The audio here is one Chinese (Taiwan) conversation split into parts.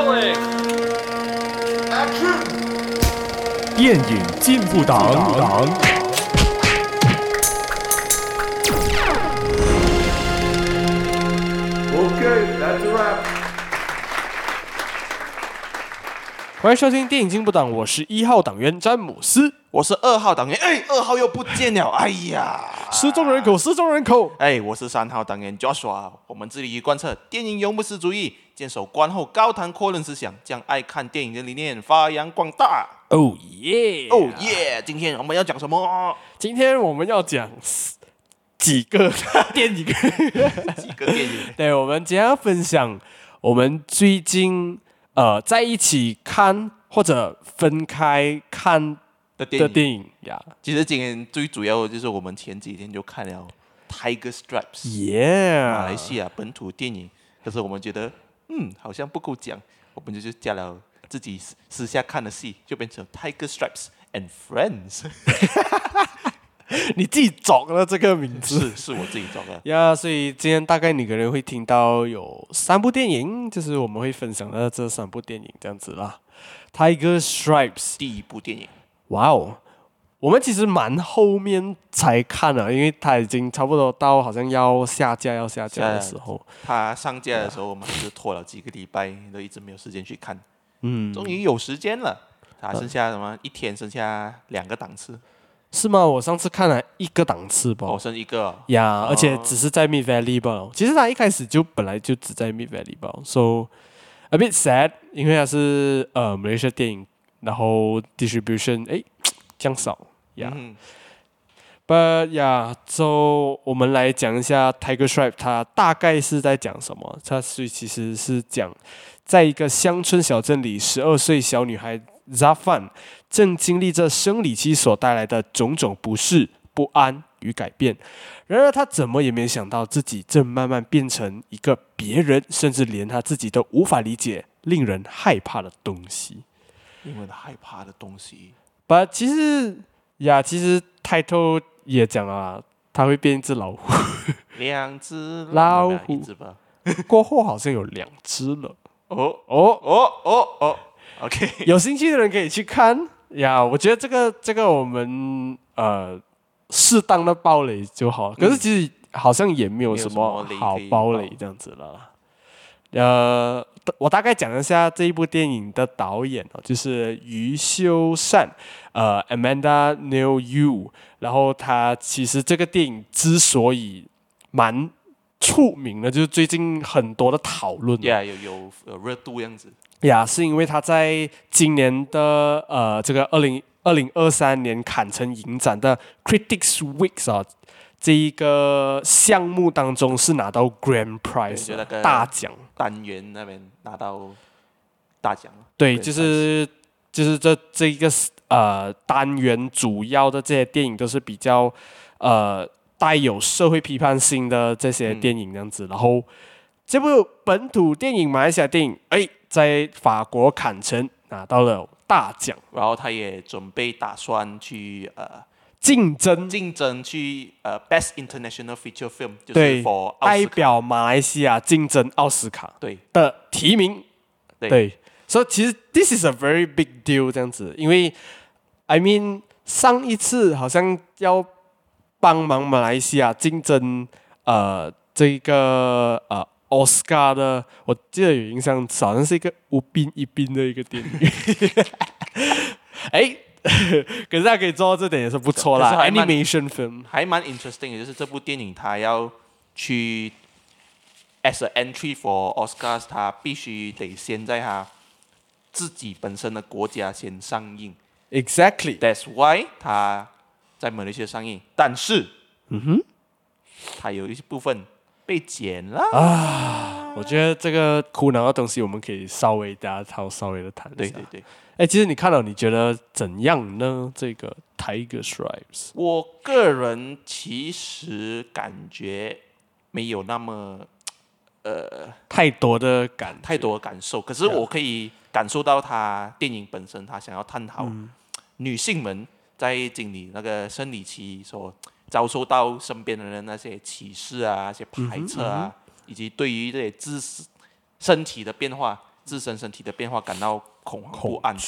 電影進步黨。歡迎收聽《電影進步黨》，我是一號黨員詹姆斯，我是二號黨員，哎，二號又不見了，哎呀，失蹤人口，失蹤人口。哎，我是三號黨員 Joshua，我們致力於觀測電影永不死主義。堅守觀後高談闊論思想，將愛看電影的理念發揚光大。哦耶，哦耶！今天我們要講什麼？今天我們要講幾個電影， 幾個電影。對，我們今天要分享我們最近呃在一起看或者分開看的電影呀。影 Yeah. 其實今天最主要的就是我們前幾天就看了《Tiger Stripes》，Yeah，馬來西亞本土電影，可是我們覺得。嗯，好像不夠講，我們就是加了自己私下看的戲，就變成 Tiger Stripes and Friends。 你自己找了這個名字，是，是我自己找的呀。Yeah, 所以今天大概你可能會聽到有三部電影，就是我們會分享的這三部電影這樣子啦。Tiger Stripes 第一部電影，哇哦、wow。我們其實蠻後面才看了、啊，因為他已經差不多到好像要下架要下架的時候。他上架的時候我們就拖了幾個禮拜，都一直沒有時間去看。嗯，終於有時間了，還剩下什麼？一天剩下兩個檔次。是嗎？我上次看了一個檔次吧，哦，剩一個，哦。呀，yeah, 而且只是在 Mid Valley 包。其實他一開始就本來就只在 Mid Valley 包，So a bit sad，因為他是呃 Malaysia 電影，然後 Distribution 哎這樣少。嗯 yeah，But yeah，so 我們來講一下《Tiger Stripes》，它大概是在講什麼？它是其實是講，在一個鄉村小鎮裡，十二歲小女孩 Zafan 正經歷着生理期所帶來的種種不適、不安與改變。然而，她怎麼也沒想到，自己正慢慢變成一個別人，甚至連她自己都無法理解、令人害怕的東西。令人害怕的東西。But 其實。呀，yeah, 其實 title 也講了，它會變一隻老虎，兩隻老虎，一隻吧，過後好像有兩隻了，哦哦哦哦哦，OK。有興趣的人可以去看。呀，yeah，我覺得這個這個我們呃適當的暴雷就好，可是其實好像也沒有什麼好暴雷這樣子了，呃。我大概講一下這一部電影的導演就是余修善，呃，Amanda Nell Eu，然後他其實這個電影之所以蠻出名的，就是最近很多的討論的，呀、yeah，有有有熱度這樣子，呀，是因為他在今年的呃這個二零二零二三年坎城影展的 Critics Week 啊、呃。這一個項目當中是拿到 Grand Prize 大獎，單元那邊拿到大獎。對、就是，就是就是這這一個呃單元主要的這些電影都是比較呃帶有社會批判性的這些電影這樣子。嗯、然後這部本土電影，馬來西亞電影，誒、哎，在法國坎城拿到了大獎。然後他也準備打算去呃。競爭，競爭去呃、uh,，Best International Feature Film 就是 for 對代表馬來西亞競爭奧斯卡的提名。對，所以對、so, 其實 This is a very big deal 這樣子，因為 I mean 上一次好像要幫忙馬來西亞競爭呃這個呃奧斯卡的，我記得有印象，好像是一個五兵一兵的一個電影。 哎。 可是他可以做到這點也是不錯啦。Animation film 還蠻 interesting，就是這部電影他要去 as an entry for Oscars，他必須得先在他自己本身的國家先上映。Exactly。That's why 他在馬來西亞上映，但是嗯哼，他、mm hmm. 有一些部分被剪了。啊，我覺得這個苦惱的東西，我們可以稍微大家稍微的談一下。對對對。哎，其實你看了，你覺得怎樣呢？這個《Tiger Stripes》？我個人其實感覺沒有那麼，呃，太多的感，太多的感受。可是我可以感受到，他電影本身、嗯、他想要探討女性們在經歷那個生理期所遭受到身邊的人那些歧視啊、那些排斥啊，嗯嗯以及對於這些知識、身體的變化。自身身體的變化感到恐慌不安，怖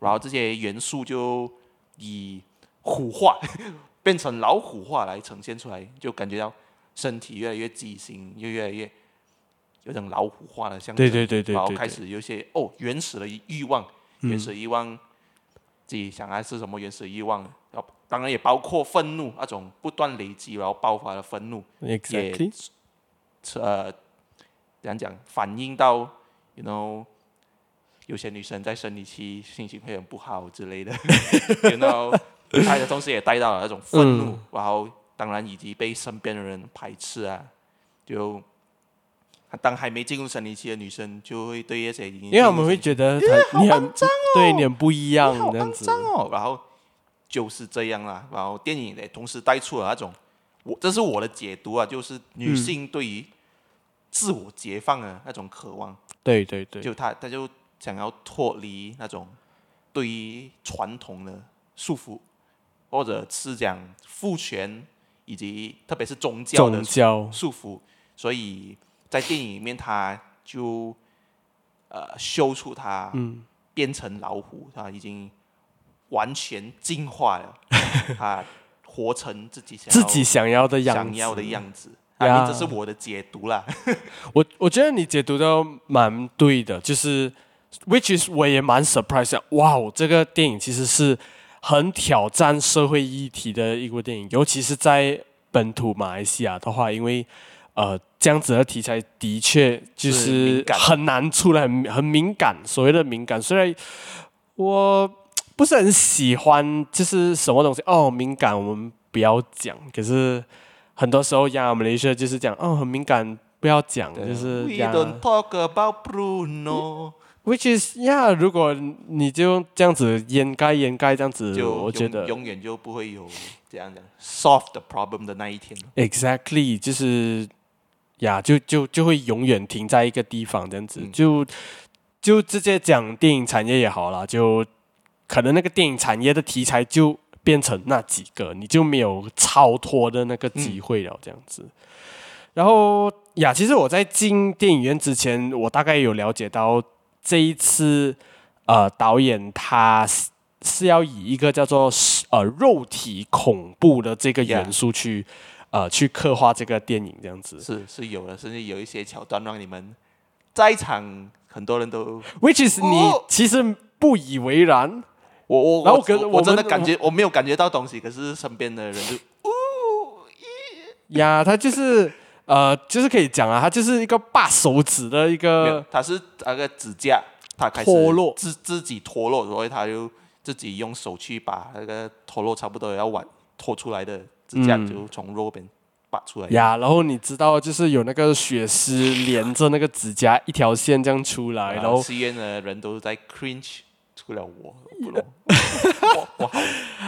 然後這些元素就以虎化 變成老虎化來呈現出來，就感覺到身體越來越畸形，越越來越有種老虎化的像，對，對對對，對，對，對然後開始有些哦原始的慾望，嗯、原始的慾望自己想來是什麼原始的慾望？然後當然也包括憤怒，那種不斷累積然後爆發的憤怒，Exactly? 也呃怎樣講反映到。You know，有些女生在生理期心情會很不好之類的。然後她的同時也帶到了那種憤怒，嗯、然後當然以及被身邊的人排斥啊。就當還沒進入生理期的女生就會對一些因為我們會覺得她、欸、好骯髒哦、你很對，臉不一樣、欸、好骯髒哦、這樣子。然後就是這樣啦。然後電影也同時帶出了那種，我這是我的解讀啊，就是女性對於、嗯。自我解放的那種渴望，對對對，就他他就想要脫離那種對於傳統的束縛，或者是講父權以及特別是宗教的束縛，教所以在電影裡面他就呃修出他，變成老虎，嗯、他已經完全進化了。 他活成自己想自己想要的想要的樣子。啊，你這是我的解讀啦。 我我覺得你解讀的蠻對的，就是，which is 我也蠻 surprise 啊，哇哦，這個電影其實是很挑戰社會議題的一部電影，尤其是在本土馬來西亞的話，因為呃這樣子的題材的確就是很難出來，很很敏感。所謂的敏感，雖然我不是很喜歡，就是什麼東西哦敏感，我們不要講，可是。很多時候，呀，我們 Malaysia 就是講，哦，很敏感，不要講，對就是。We don't talk about Bruno. Which is 呀、yeah,，如果你就這樣子掩蓋、掩蓋這樣子，就我覺得永遠就不會有這樣子 solve the problem 的那一天。Exactly，就是呀、yeah,，就就就會永遠停在一個地方這樣子，嗯、就就直接講電影產業也好了，就可能那個電影產業的題材就。變成那幾個，你就沒有超脫的那個機會了。這樣子，嗯、然後呀，其實我在進電影院之前，我大概有了解到這一次，呃，導演他是，是要以一個叫做呃肉體恐怖的這個元素去 Yeah. 呃去刻畫這個電影，這樣子是是有的，甚至有一些橋段讓你們在場很多人都，which is 你其實不以為然。Oh. 我我我後我真的感覺我沒有感覺到東西，可是身邊的人就嗚耶呀，他就是 呃，就是可以講啊，他就是一個拔手指的一個，他是那個指甲它開始脫落自自己脫落，所以他就自己用手去把那個脫落差不多要完脫出來的指甲就從肉邊拔出來呀，嗯出 yeah, 然後你知道就是有那個血絲連着那個指甲一條線這樣出來，然後醫院後的人都在 cringe。除了我，我不咯，我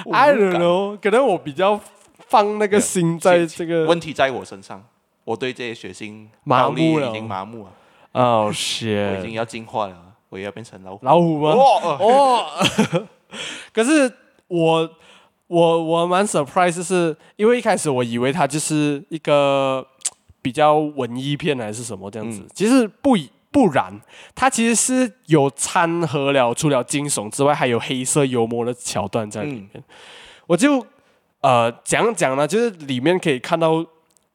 我 I don't know，可能我比較放那個心在這個問題在我身上，我對這些血腥麻木了，已經麻木了。哦，天、嗯，oh, shit 我已經要進化了，我也要變成老虎，老虎嗎？哦，哦 可是我我我蠻 surprise，是因為一開始我以為它就是一個比較文藝片還是什麼這樣子，嗯、其實不一。不然，它其實是有摻和了，除了驚悚之外，還有黑色幽默的橋段在裡面。嗯、我就呃講講呢，就是裡面可以看到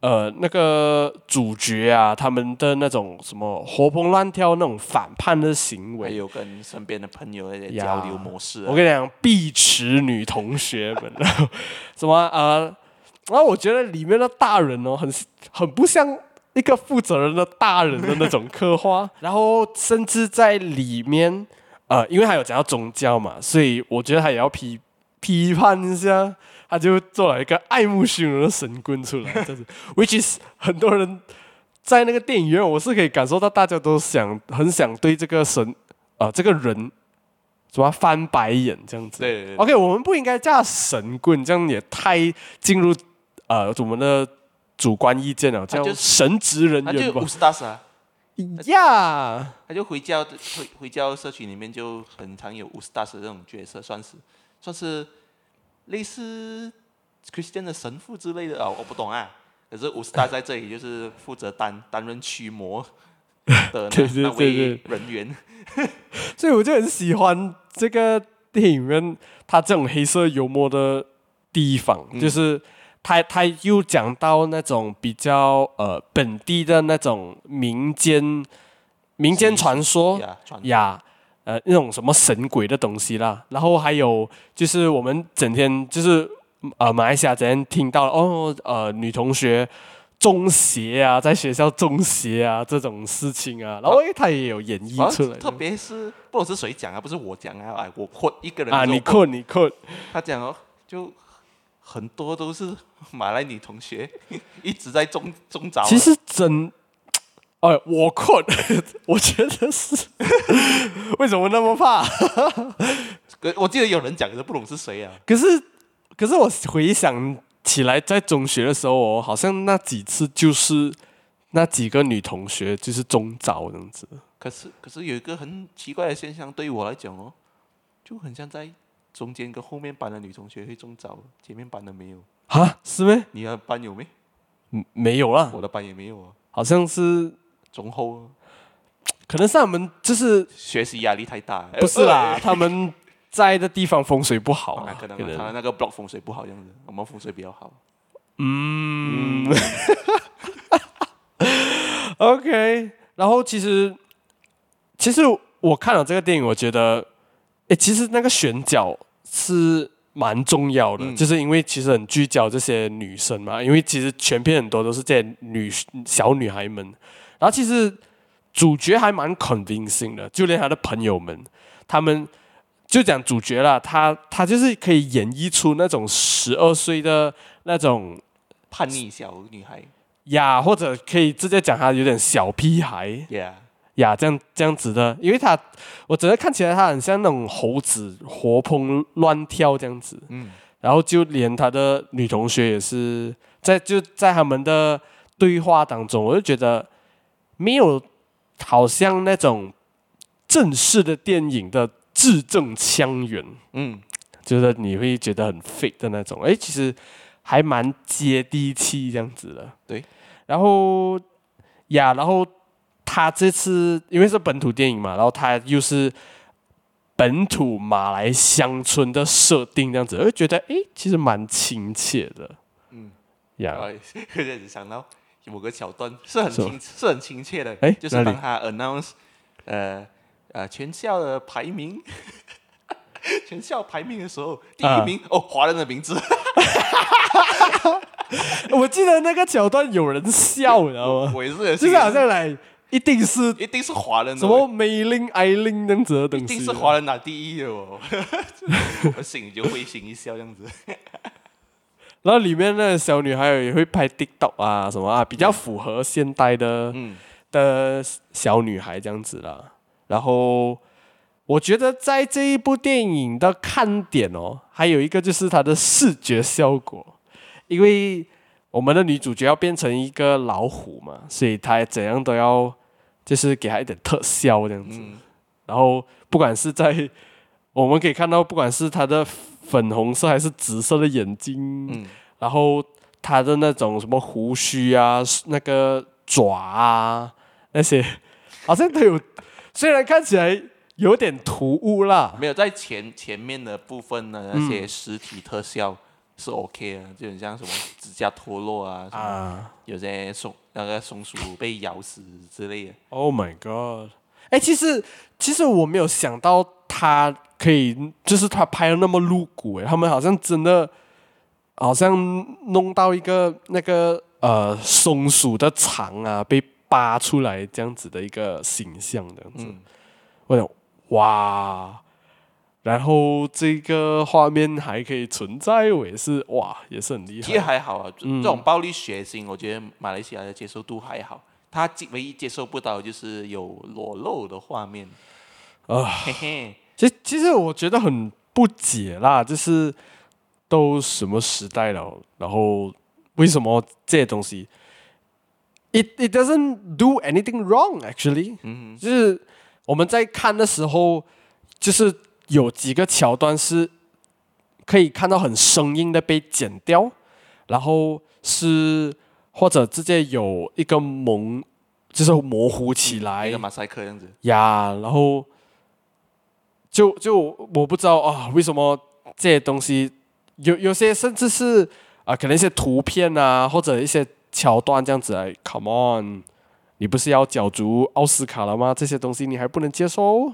呃那個主角啊，他們的那種什麼活蹦亂跳那種反叛的行為，還有跟身邊的朋友那些交流模式、啊。Yeah, 我跟你講，碧池女同學們，然後 什麼呃，然後我覺得裡面的大人哦，很很不像。一個負責任的大人的那種刻畫， 然後甚至在裡面，呃，因為他有講到宗教嘛，所以我覺得他也要批批判一下，他就做了一個愛慕虛榮的神棍出來，這樣子。Which is 很多人在那個電影院，我是可以感受到大家都想很想對這個神啊，呃，這個人什麼翻白眼這樣子。o、okay, k 我們不應該叫他神棍，這樣也太進入呃我們的。主觀意見了，叫神職人員吧，他就烏斯達斯 Yeah 他就回教回回教社區裡面就很常有烏斯達斯這種角色，算是算是類似 Christian 的神父之類的啊，我不懂啊，可是烏斯達斯在這裡就是負責擔擔 任驅魔的那位人員， 所以我就很喜歡這個電影裡面他這種黑色幽默的地方，就是。嗯他他又講到那種比較呃本地的那種民間民間傳說呀，傳呀、呃、那種什麼神鬼的東西啦，然後還有就是我們整天就是呃馬來西亞整天聽到哦呃女同學中邪啊，在學校中邪啊這種事情啊，然後他也有演繹出來，特別是不知道是誰講啊，不是我講啊，哎我困一個人啊，我 hold, 你困你困，他講哦就。很多都是馬來女同學一直在中中招。其實真，哎，我困， 我覺得是為什麼那麼怕？可 我記得有人講，可是不懂是誰啊。可是，可是我回想起來，在中學的時候，哦，好像那幾次就是那幾個女同學就是中招這樣子。可是，可是有一個很奇怪的現象，對於我來講哦，就很像在。中間跟後面班的女同學會中招，前面班的沒有。啊，是嗎？你的班有沒？嗯，沒有了。我的班也沒有啊。好像是中後、啊，可能是他們就是學習壓力太大。不是啦，哎哎哎，他們在的地方風水不好、啊啊。可能、啊、的他們那個 block 風水不好樣子，我們風水比較好。嗯。嗯 OK，然後其實其實我看了這個電影，我覺得。誒，其實那個選角是蠻重要的，嗯、就是因為其實很聚焦這些女生嘛，因為其實全片很多都是這些女、小女孩們，然後其實主角還蠻 convincing 的，就連他的朋友們，他們就講主角啦，他他就是可以演繹出那種十二歲的那種叛逆小女孩，呀，yeah, 或者可以直接講他有點小屁孩，呀。Yeah. 呀，yeah, 這樣這樣子的，因為他，我覺得看起來他很像那種猴子，活蹦亂跳這樣子。嗯。然後就連他的女同學也是，在就在他們的對話當中，我就覺得沒有好像那種正式的電影的字正腔圓。嗯。就是你會覺得很 fake 的那種，哎，其實還蠻接地氣這樣子的。對。然後，呀、yeah, 然後。他這次因為是本土電影嘛，然後他又是本土馬來鄉村的設定這樣子，會覺得哎，其實蠻親切的。嗯，呀，突然想到某個橋段，是很親，說是很親切的。哎誒，就是當他 announce 里呃呃全校的排名， 全校排名的時候，第一名、啊、哦，華人的名字。 我記得那個橋段有人笑，我你知道嗎？我也是，就是好像來。一定是一定是華人，什麼美玲、愛玲等等，一定是華人拿第一哦。我信就會心一笑這樣子。然後裡面的小女孩也會拍 TikTok 啊，什麼啊，比較符合現代的、嗯、的小女孩這樣子啦。然後我覺得在這一部電影的看點哦，還有一個就是它的視覺效果，因為我們的女主角要變成一個老虎嘛，所以她怎樣都要。就是給他一點特效這樣子，嗯、然後不管是在，我們可以看到不管是他的粉紅色還是紫色的眼睛，嗯、然後他的那種什麼鬍鬚啊、那個爪啊那些，好像都有。 雖然看起來有點突兀啦，沒有在前前面的部分呢，那些實體特效。嗯是 OK 啊，就很像什麼指甲脫落啊，啊有些松那個松鼠被咬死之類的。Oh my God！哎、欸，其實其實我沒有想到他可以，就是他拍的那麼露骨誒、欸，他們好像真的好像弄到一個那個呃松鼠的腸啊被扒出來這樣子的一個形象的樣子，嗯、我想哇！然後這個畫面還可以存在，我也是哇，也是很厲害。其實還好啊，嗯、這種暴力血腥，我覺得馬來西亞的接受度還好。他唯一接受不到就是有裸露的畫面啊。嘿嘿、呃， 其實其實我覺得很不解啦，就是都什麼時代了，然後為什麼這些東西？It it doesn't do anything wrong, actually. 嗯哼，就是我們在看的時候，就是。有幾個橋段是可以看到很生硬的被剪掉，然後是或者直接有一個矇，就是模糊起來，嗯、一個馬賽克這樣子。呀，yeah, 然後就就我不知道啊，為什麼這些東西有有些甚至是啊，可能一些圖片啊，或者一些橋段這樣子來。Come on，你不是要角逐奧斯卡了嗎？這些東西你還不能接受？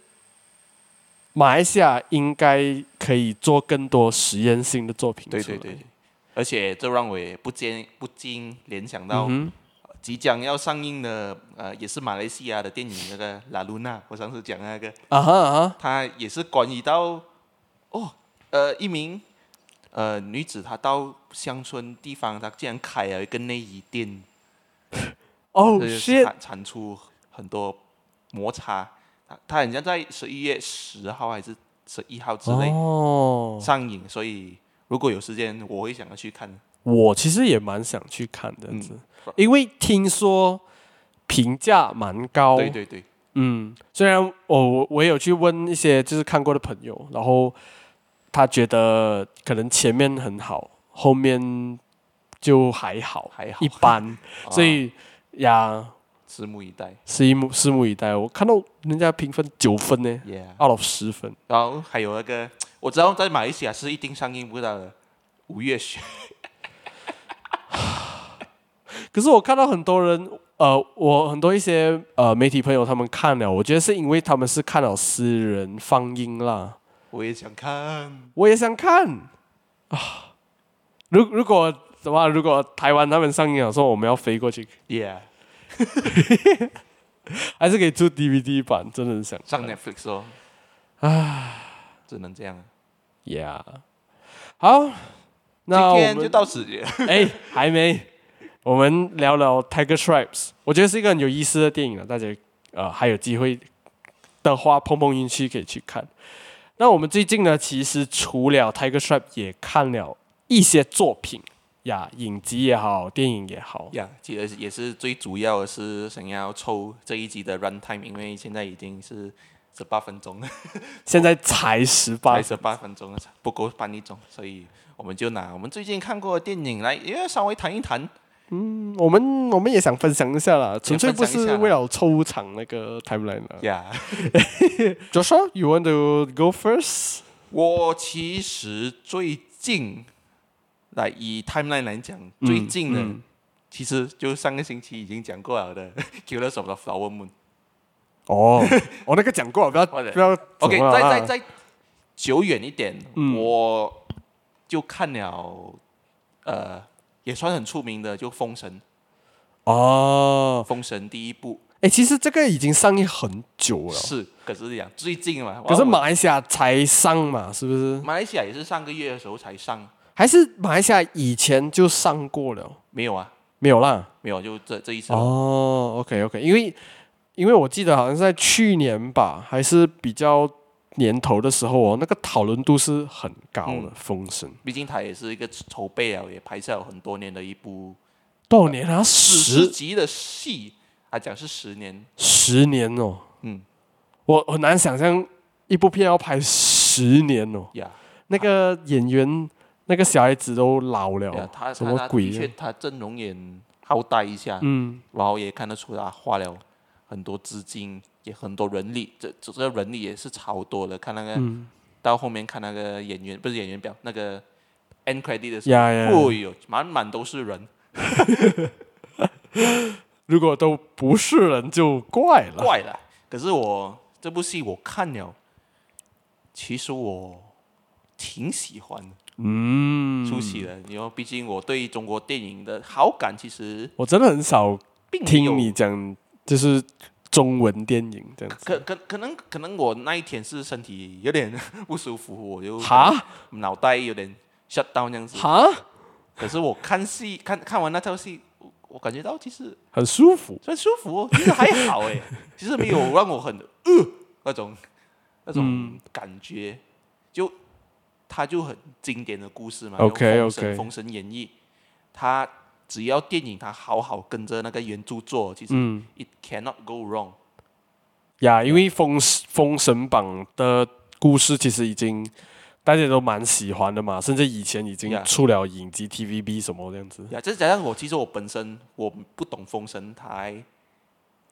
馬來西亞應該可以做更多實驗性的作品。對，對對對，而且這讓我也不禁不禁聯想到，即將要上映的呃，也是馬來西亞的電影那個《拉露娜》，我上次講那個，啊哈啊，huh, uh huh. 它也是關於到，哦，呃，一名呃女子她到鄉村地方，她竟然開了一個內衣店，哦、 oh, shit.，是產生出很多摩擦。他好像在十一月十號還是十一號之內上映，哦、所以如果有時間，我會想要去看。我其實也蠻想去看的，嗯、因為聽說評價蠻高。對對對。嗯，雖然我我有去問一些就是看過的朋友，然後他覺得可能前面很好，後面就還好，還好，一般。哦、所以呀。拭目以待，拭目拭目以待。我看到人家評分九分呢，out of 十 Yeah. 分。然後還有那個，我知道在馬來西亞是一定上映不到的，五月雪。 可是我看到很多人，呃，我很多一些呃媒體朋友他們看了，我覺得是因為他們是看了私人放映了。我也想看，我也想看啊。如果如果什麼、啊，如果台灣他們上映了，說我們要飛過去，Yeah。 還是可以出 DVD 版，真的很想上 Netflix 哦。啊，只能這樣。Yeah，好，那今天就到此。哎， 還沒，我們聊聊《Tiger Stripes》，我覺得是一個很有意思的電影了。大家呃還有機會的話，碰碰運氣可以去看。那我們最近呢，其實除了《Tiger Stripes》，也看了一些作品。呀，yeah, 影集也好，電影也好，呀，yeah, 其實也是最主要的是想要湊這一集的 runtime，因為現在已經是十八分鐘了， 我現在才十八，才十八分鐘，不夠半粒鐘，所以我們就拿我們最近看過的電影來，也稍微談一談。嗯，我們我們也想分享一下啦，下啦純粹不是為了湊場那個 timeline、啊。呀 Yeah. ，Joshua，you want to go first？我其實最近。來以 timeline 來講，嗯、最近呢，嗯、其實就上個星期已經講過了的，嗯《Killers of the Flower Moon》。哦，我那個講過了，不要不要。OK，再再再久遠一點，嗯、我就看了，呃，也算很出名的，就《封神》。哦，《封神》第一部。哎、欸，其實這個已經上映很久了。是，可是講最近嘛，可是馬來西亞才上嘛，是不是？我馬來西亞也是上個月的時候才上。還是馬來西亞以前就上過了？沒有啊，沒有啦，沒有，就這這一次哦。OK OK，因為因為我記得好像是在去年吧，還是比較年頭的時候哦，那個討論度是很高的，封、嗯、神。畢竟它也是一個籌備了也拍下了很多年的一部，多少年了、啊？呃、十集的戲還講是十年，十年哦。嗯，我很難想象一部片要拍十年哦。呀，Yeah, 那個演員。那個小孩子都老了，yeah, 什麼鬼、啊他？的確、他陣容也好帶一下，嗯、然後也看得出來花、啊、了很多資金，也很多人力，這這人力也是超多的。看那個，嗯、到後面看那個演員不是演員表，那個 end credit 的時候，yeah, yeah. 哎呦，滿滿都是人。 如果都不是人就怪了，怪了。可是我這部戲我看了，其實我挺喜歡的。嗯，出息了！因為畢竟我對中國電影的好感，其實我真的很少聽你講，就是中文電影這樣子。可可可能可能我那一天是身體有點不舒服，我就哈腦袋有點嚇到那樣子哈。可是我看戲看看完那套戲，我感覺到其實很舒服，很舒服，哦，其實還好哎， 其實沒有讓我很呃，那種那種、嗯、感覺就。他就很經典的故事嘛，OK, OK，《封神演義》，他只要電影，他好好跟着那個原著做，其實，嗯，it cannot go wrong。呀 Yeah, 對，因為封《封封神榜》的故事其實已經大家都蠻喜歡的嘛，甚至以前已經出了影集 Yeah, TVB 什麼這樣子。呀，yeah, 這加上我，其實我本身我不懂封神台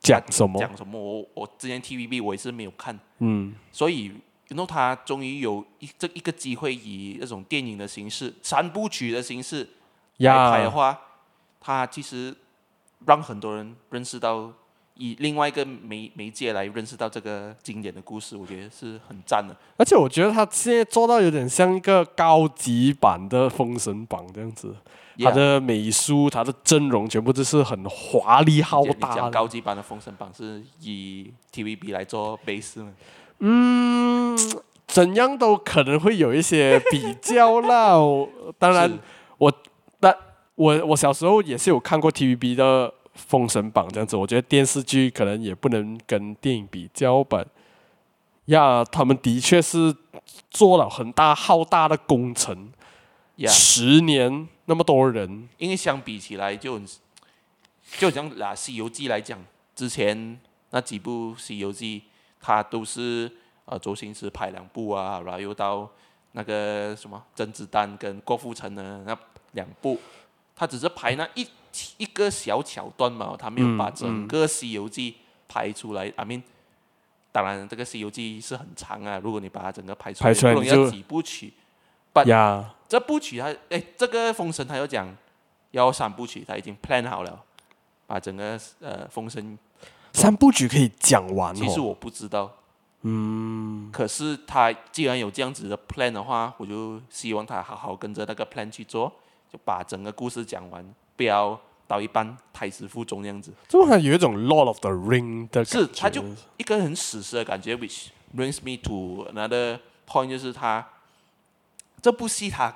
講什麼講什麼，我我之前 TVB 我也是沒有看，嗯，所以。那 you know, 他終於有一這一個機會，以那種電影的形式，三部曲的形式來拍的話，他 Yeah. 其實讓很多人認識到以另外一個媒媒介來認識到這個經典的故事，我覺得是很讚的。而且我覺得他現在做到有點像一個高級版的《封神榜》這樣子，Yeah. 他的美術、他的陣容全部都是很華麗浩大的。你講高級版的《封神榜》是以 TVB 來做 base。嗯，怎樣都可能會有一些比較鬧哦。 當然，是我但我我小時候也是有看過 TVB 的《封神榜》，這樣子。我覺得電視劇可能也不能跟電影比較吧。呀，他們的確是做了很大浩大的工程。呀十年那麼多人，因為相比起來就就講拿《西遊記》來講，之前那幾部《西遊記》。他都是呃周星馳拍兩部啊，然後又到那個什麼甄子丹跟郭富城的那兩部，他只是拍那一一,一個小橋段嘛，他沒有把整個《西遊記》拍出來。嗯嗯、I mean，當然這個《西遊記》是很長啊，如果你把它整個拍出來，可能水要幾部曲。But yeah，這部曲他哎，這個《封神》他又講要三部曲，他已經 plan 好了，把整個呃《封神》。三部曲可以講完哦？其實我不知道，嗯，可是他既然有這樣子的 plan 的話，我就希望他好好跟着那個 plan 去做，就把整個故事講完，不要到一半胎死腹中那樣子。就好像有一種 Lord of the Ring 的是，他就一個很史詩的感覺，which brings me to another point，就是他這部戲他。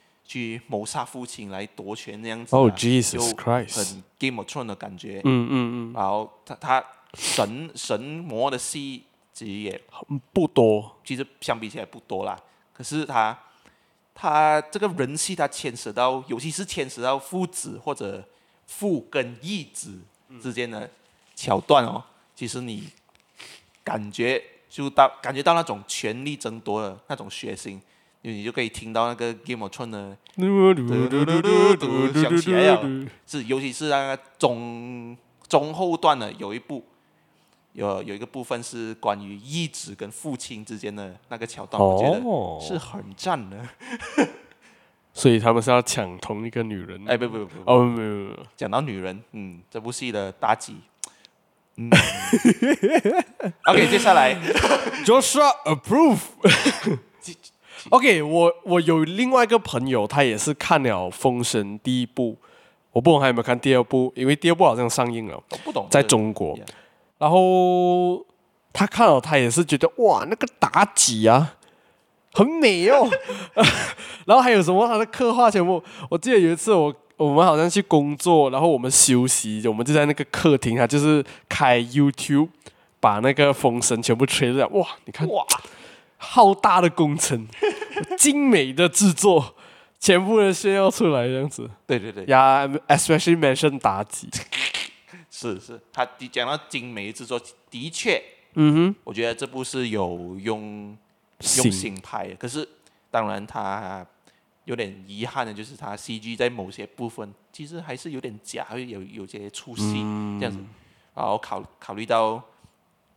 去謀殺父親來奪權那樣子，啊，哦、oh,，Jesus Christ，很 Game of Thrones 的感覺。嗯嗯嗯。嗯嗯，然後他他神神魔的戲其實也很不多，其實相比起來不多啦。可是他他這個人戲他牽扯到，尤其是牽扯到父子或者父跟義子之間的橋段哦，嗯、其實你感覺就到感覺到那種權力爭奪的那種血腥。因為你就可以聽到那個《Game of Thrones》的響起來了，是尤其是那個中中後段的有一部，有有一個部分是關於義子跟父親之間的那個橋段，我覺得是很讚的。哦、 所以他們是要搶同一個女人？哎、欸，不不不，不，不哦，沒有沒有。講到女人，嗯，這部戲的妲己。嗯、 OK，接下來 Joshua, approved。 OK，我我有另外一個朋友，他也是看了《封神》第一部，我不懂還有沒有看第二部，因為第二部好像上映了，不懂。在中國，啊、然後他看了，他也是覺得哇，那個妲己啊，很美哦。 然後還有什麼？他的刻畫全部，我記得有一次我我們好像去工作，然後我們休息，我們就在那個客廳啊，他就是開 YouTube，把那個《封神》全部吹在哇，你看哇。浩大的工程，精美的製作， 全部的炫耀出來這樣子。對對對，Yeah，especially mention 妲己。是是，他講到精美製作，的確，嗯哼，我覺得這部是有用用心拍的。行可是，當然他，他有點遺憾的就是，他 CG 在某些部分其實還是有點假，有有些出戲、嗯、這樣子。然後考考慮到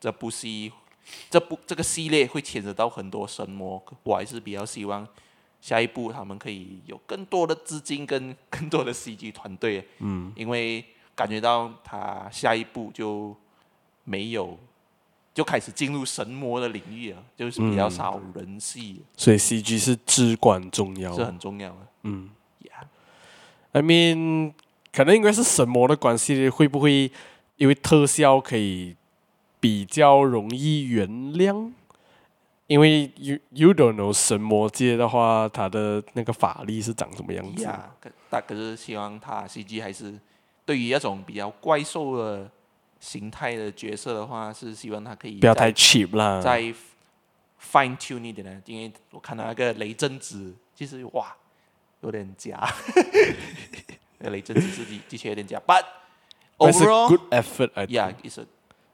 這部戲，這部這個系列會牽扯到很多神魔，我還是比較希望下一部他們可以有更多的資金跟更多的 CG 團隊，嗯，因為感覺到他下一部就沒有就開始進入神魔的領域了，就是比較少人氣，嗯嗯、所以 CG 是至關重要，是很重要的，嗯，Yeah，I mean，可能應該是神魔的關係，會不會因為特效可以？比較容易原諒，因為 you you don't know 神魔界的話，他的那個法力是長什麼樣子？大、yeah, 可是希望他 CG 還是對於那種比較怪獸的形態的角色的話，是希望他可以不要太 cheap 了，再 fine tuning 點的。因為我看到那個雷震子，其實哇，有點假。 雷震子自己的確有點假，but overall good effort，yeah，i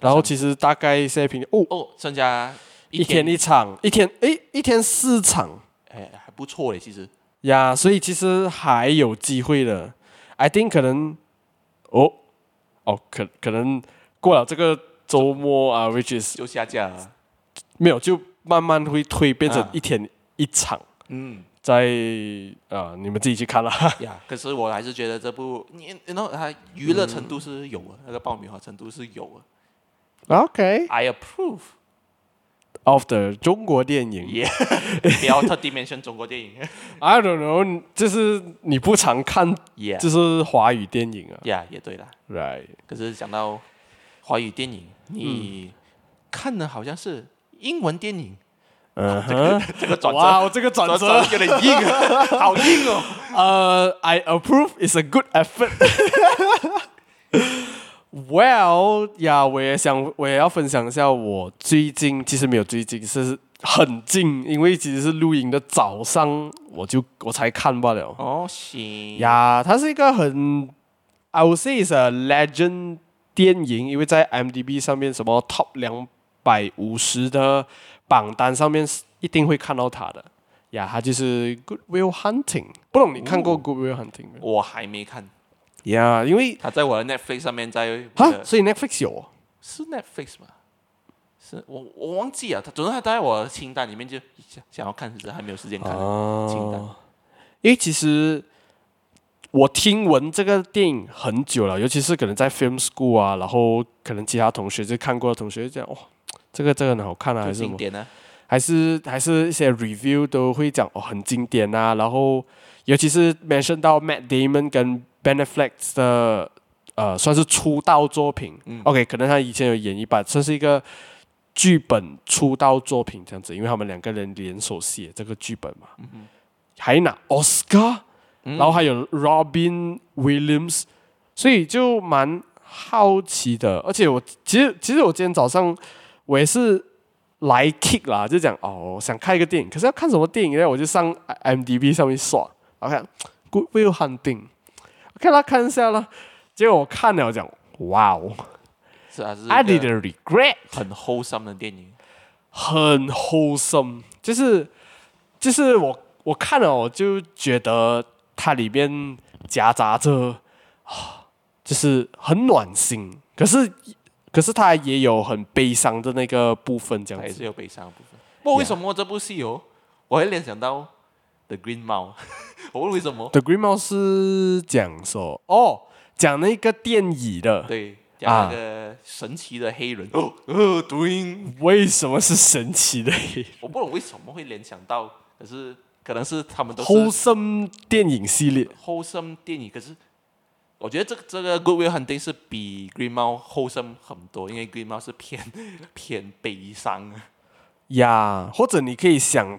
然後其實大概現在平均，哦哦，增加一,一天一場，一天誒，一天四場，誒、哎，還不錯哎其實，呀，yeah, 所以其實還有機會的，I think 可能哦哦可可能過了這個週末啊，which is 就，就下架了，沒有就慢慢會推變成一天一場，啊、嗯，在啊你們自己去看啦，呀、嗯， 可是我還是覺得這部你那 you know, 它娛樂程度是有啊，嗯、那個爆米花程度是有啊。Okay, I approve of the 中國電影。Yeah, 特別要特地 mention 中國電影。I don't know，就是你不常看，就是華語電影啊。Yeah，也對啦。Right。可是講到華語電影，你看的好像是英文電影。嗯，這個這個轉折，哇，我這個轉折有點硬，好硬哦。呃，I approve is a good effort。Well 呀、yeah,，我也想，我也要分享一下我最近，其實沒有最近，是很近，因為其實是錄影的早上，我就我才看罷了。哦，oh, 行。呀，yeah, 它是一個很，I would say it's a legend 電影，因為在 MDB 上面什麼 Top 兩百五十的榜單上面一定會看到它的。呀、yeah,，它就是《Good Will Hunting》。不懂你看過《Good Will Hunting》沒、哦？我還沒看。呀，yeah, 因為他在我的 Netflix 上面在。啊，所以 Netflix 有。是 Netflix 嗎？是我我忘記了，總他總是在我的清單裡面就想想要看，只是還沒有時間看、啊、清單。因為其實我聽聞這個電影很久了，尤其是可能在 Film School 啊，然後可能其他同學就看過，的同學就講哇、哦，這個這個很好看啊，經典啊，還是還是一些 Review 都會講哦，很經典啊，然後。尤其是 mention 到 Matt Damon 跟 Ben Affleck 的，呃，算是出道作品。嗯、OK，可能他以前有演一版，算是一個劇本出道作品這樣子，因為他們兩個人聯手寫這個劇本嘛。嗯、哼還拿 OSCAR、嗯、然後還有 Robin Williams，所以就蠻好奇的。而且我其實其實我今天早上我也是來 kick 啦，就講哦，想看一個電影，可是要看什麼電影呢？我就上 MDB 上面刷。OK，Goodwill、okay, Hunting okay。看 k 看一下啦。結果我看了，我講，哇哦，是啊，是，I didn't regret，很 w h 的電影，很 w h 就是就是我我看了，我就覺得它裡面夾雜着，就是很暖心，可是可是它也有很悲傷的那個部分，這樣子。有悲傷的部分。Yeah. 不，為什麼這部戲有、哦？我會聯想到。The Green Mile， 我問為什麼？The Green Mile 是講說哦，oh, 講那個電影的，對，講、啊、那個神奇的黑人。哦，呃、哦，讀音為什麼是神奇的黑？我不懂為什麼會聯想到，可是可能是他們都 wholesome 電影系列。wholesome、呃、wholesome 電影可是，我覺得這個、這個 Good Will Hunting 肯定是比 Green Mile wholesome 很多，因為 Green Mile 是偏偏悲傷呀，yeah, 或者你可以想。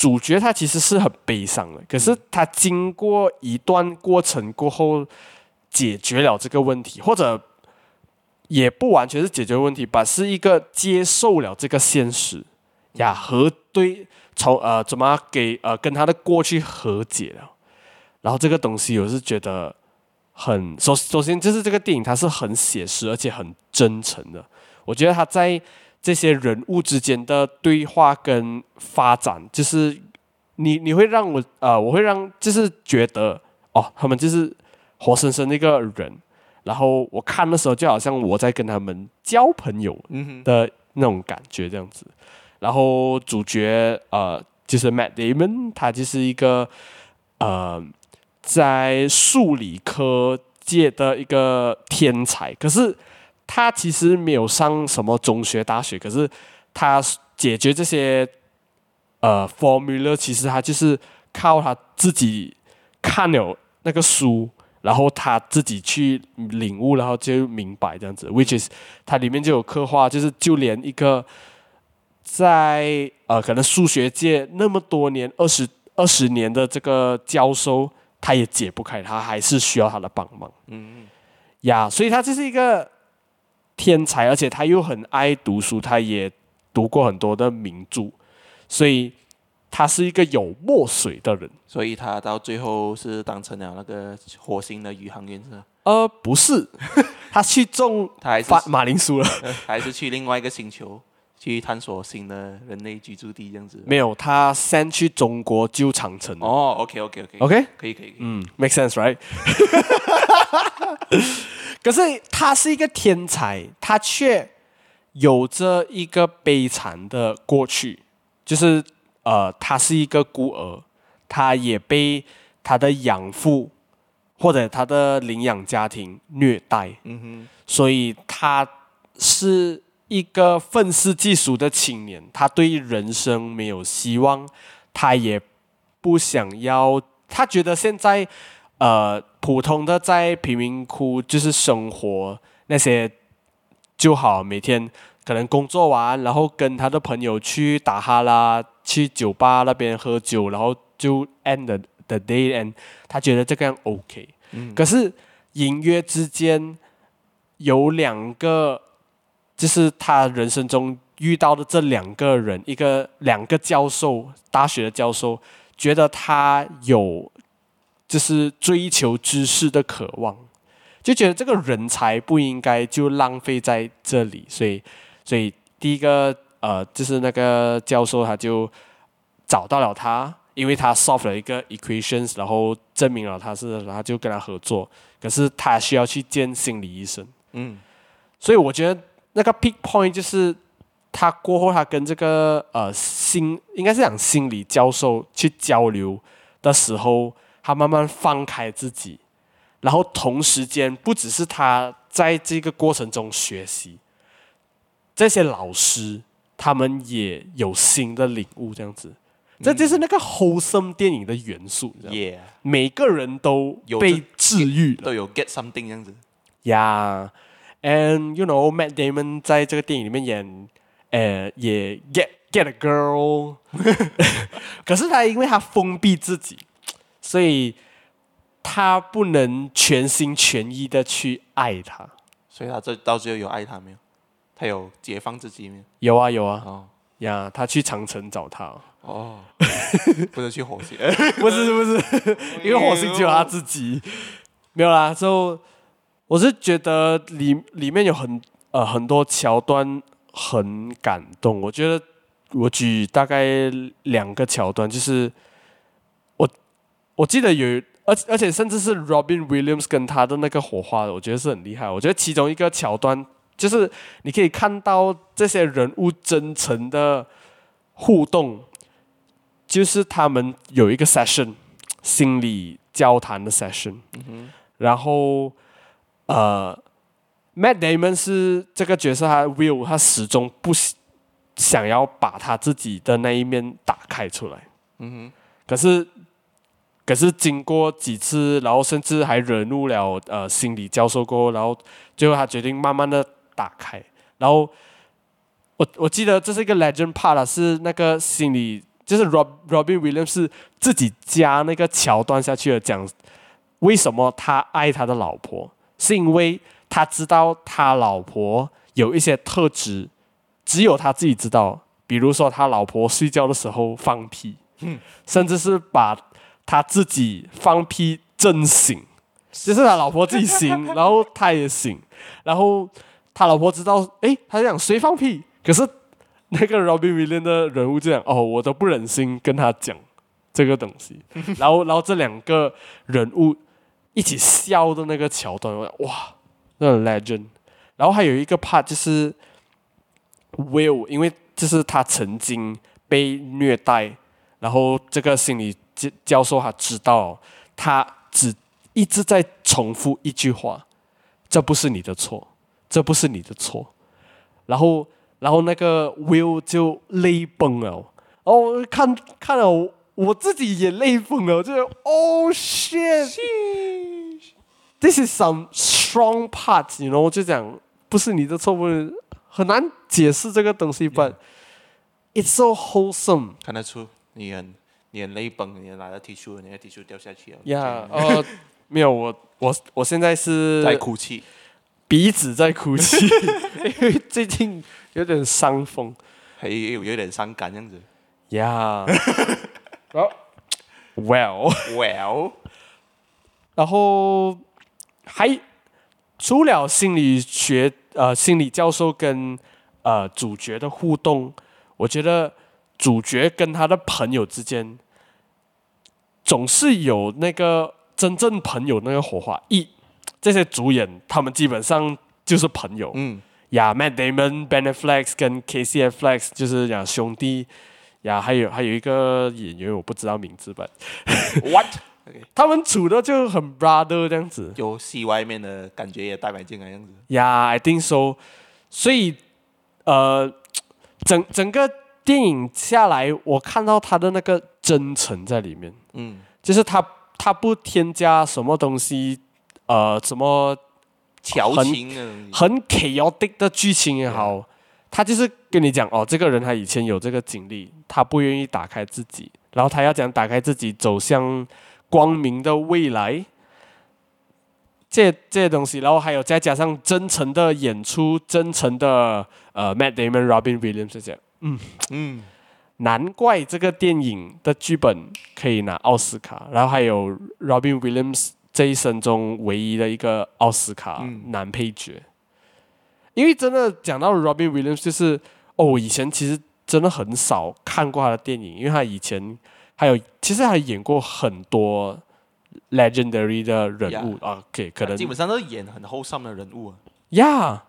主角他其實是很悲傷的，可是他經過一段過程過後，解決了這個問題，或者也不完全是解決問題，吧，是一個接受了這個現實，呀和對從呃怎麼給呃跟他的過去和解了，然後這個東西我是覺得很首首先就是這個電影它是很寫實而且很真誠的，我覺得它在。這些人物之間的對話跟發展，就是你你會讓我呃，我會讓就是覺得哦，他們就是活生生一個人，然後我看的時候就好像我在跟他們交朋友的那種感覺這樣子。嗯哼。然後主角呃就是 Matt Damon，他就是一個呃在數理科界的一個天才，可是。他其實沒有上什麼中學、大學，可是他解決這些呃 formula，其實他就是靠他自己看了那個書，然後他自己去領悟，然後就明白這樣子。Which is，他裡面就有刻畫，就是就連一個在呃可能數學界那麼多年二十二十年的這個教授，他也解不開，他還是需要他的幫忙。嗯嗯，呀，所以他就是一個。天才，而且他又很愛讀書，他也讀過很多的名著，所以他是一個有墨水的人，所以他到最後是當成了那個火星的宇航員是吧？呃，不是，他去種，他發馬鈴薯了， 還是去另外一個星球去探索新的人類居住地這樣子？沒有，他先去中國修長城。哦，OK，OK，OK，OK，可以，可以，可以嗯，make sense right？ 可是他是一個天才，他卻有着一個悲慘的過去，就是呃，他是一個孤兒，他也被他的養父或者他的領養家庭虐待，嗯哼，所以他是一個憤世嫉俗的青年，他對人生沒有希望，他也不想要，他覺得現在呃。普通的在貧民窟就是生活那些就好，每天可能工作完，然後跟他的朋友去打哈啦，去酒吧那邊喝酒，然後就 end the, the day and，他覺得這個樣 OK。嗯、可是隱約之間有兩個，就是他人生中遇到的這兩個人，一個兩個教授，大學的教授，覺得他有。就是追求知識的渴望，就覺得這個人才不應該就浪費在這裡，所以，所以第一個呃，就是那個教授他就找到了他，因為他 solve 了一個 equations，然後證明了他是，然後他就跟他合作。可是他需要去見心理醫生，嗯，所以我覺得那個 pick point 就是他過後他跟這個呃心應該是講心理教授去交流的時候。他慢慢放開自己，然後同時間不只是他在這個過程中學習，這些老師他們也有新的領悟，這樣子，這就是那個 wholesome 電影的元素，這樣 Yeah. 每個人都被治癒有，都有 get something 這樣子。Yeah，and you know Matt Damon 在這個電影裡面演，呃，也 get get a girl， 可是他因為他封閉自己。所以，他不能全心全意的去愛他。所以，他這到最後有愛他沒有？他有解放自己沒有？有啊，有啊。哦呀，yeah, 他去長城找他。哦， 不能去火星， 不是，不是， 因為火星只有他自己。沒有啦，之後我是覺得裡裡面有很呃很多橋段很感動。我覺得我舉大概兩個橋段，就是。我記得有，而、而且甚至是 Robin Williams 跟他的那個火花，我覺得是很厲害。我覺得其中一個橋段就是你可以看到這些人物真誠的互動，就是他們有一個 session，心理交談的 session。嗯哼。然後，呃，Matt Damon 是這個角色，他 Will 他始終不想要把他自己的那一面打開出來。嗯哼，可是。可是經過幾次，然後甚至還惹怒了呃心理教授過後，然後最後他決定慢慢地打開。然後我我記得這是一個 legend part，是那個心理就是 Rob Robin Williams 自己加那個橋段下去的，講為什麼他愛他的老婆，是因為他知道他老婆有一些特質，只有他自己知道，比如說他老婆睡覺的時候放屁，甚至是把。他自己放屁真醒，就是他老婆自己醒， 然後他也醒，然後他老婆知道，誒，他講誰放屁？可是那個 Robin Williams 的人物就這樣，哦，我都不忍心跟他講這個東西。 然後，然後這兩個人物一起笑的那個橋段，哇，那個 legend。然後還有一個 part 就是 Will，因為就是他曾經被虐待，然後這個心理。教授他知道，他只一直在重複一句話：“這不是你的錯，這不是你的錯。”然後，然後那個 Will 就淚崩了。然後看看了我，我自己也淚崩了，就 Oh shit! This is some strong parts。然後就講：“不是你的錯，不是很難解釋這個東西。Yeah. ”But it's so wholesome。看得出你很。你眼淚崩，你那個 T 恤，那個 T 恤掉下去了？呀 Yeah,，哦，uh, 沒有，我我我現在是在哭泣，鼻子在哭泣， 因為最近有點傷風，還、hey, 有有點傷感這樣子。呀，好 Yeah .，Well，Well， 然後還除了心理學，呃，心理教授跟呃主角的互動，我覺得。主角跟他的朋友之間總是有那個真正朋友那個火花。一這些主演他們基本上就是朋友。嗯。呀、yeah,，Matt Damon、Ben Affleck 跟 Casey Affleck 就是兩兄弟。呀、yeah,，還有還有一個演員我不知道名字吧。 What？Okay. 他們處的就很 brother 這樣子。遊戲外面的感覺也大白淨啊，這樣子。呀、yeah,，I think so。所以呃，整整個。電影下來，我看到他的那個真誠在裡面，嗯，就是他他不添加什麼東西，呃，什麼調情很很 chaotic 的劇情也好，對他就是跟你講哦，這個人他以前有這個經歷，他不願意打開自己，然後他要講打開自己，走向光明的未來，這這些東西，然後還有再加上真誠的演出，真誠的呃，Matt Damon、Robin Williams 這些。嗯嗯，嗯難怪這個電影的劇本可以拿奧斯卡，然後還有 Robin Williams 這一生中唯一的一個奧斯卡男配角。嗯、因為真的講到 Robin Williams，就是哦，以前其實真的很少看過他的電影，因為他以前還有其實還演過很多 legendary 的,呀、okay, 的人物啊，對，可能基本上都是演很 wholesome 的人物啊 Yeah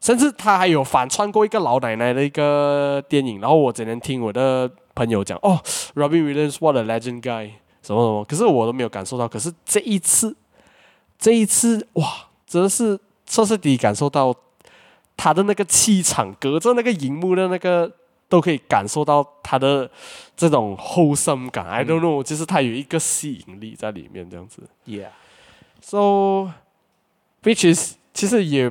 甚至他還有反串過一個老奶奶的一個電影，然後我只能聽我的朋友講哦、oh,，Robin Williams what a legend guy 什麼什麼，可是我都沒有感受到，可是這一次，這一次哇，真的是徹徹底底感受到他的那個氣場，隔着那個銀幕的那個，都可以感受到他的這種後生感。I don't know，就是他有一個吸引力在裡面，這樣子。Yeah. So, which is 其實也。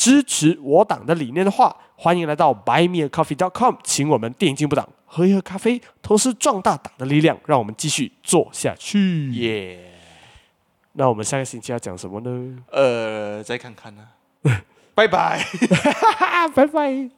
支持我黨的理念的話，歡迎來到 buymeacoffee.com，請我們電影進步黨喝一喝咖啡，同時壯大黨的力量，讓我們繼續做下去。耶 Yeah！那我們下個星期要講什麼呢？呃，再看看呢。拜拜！拜拜！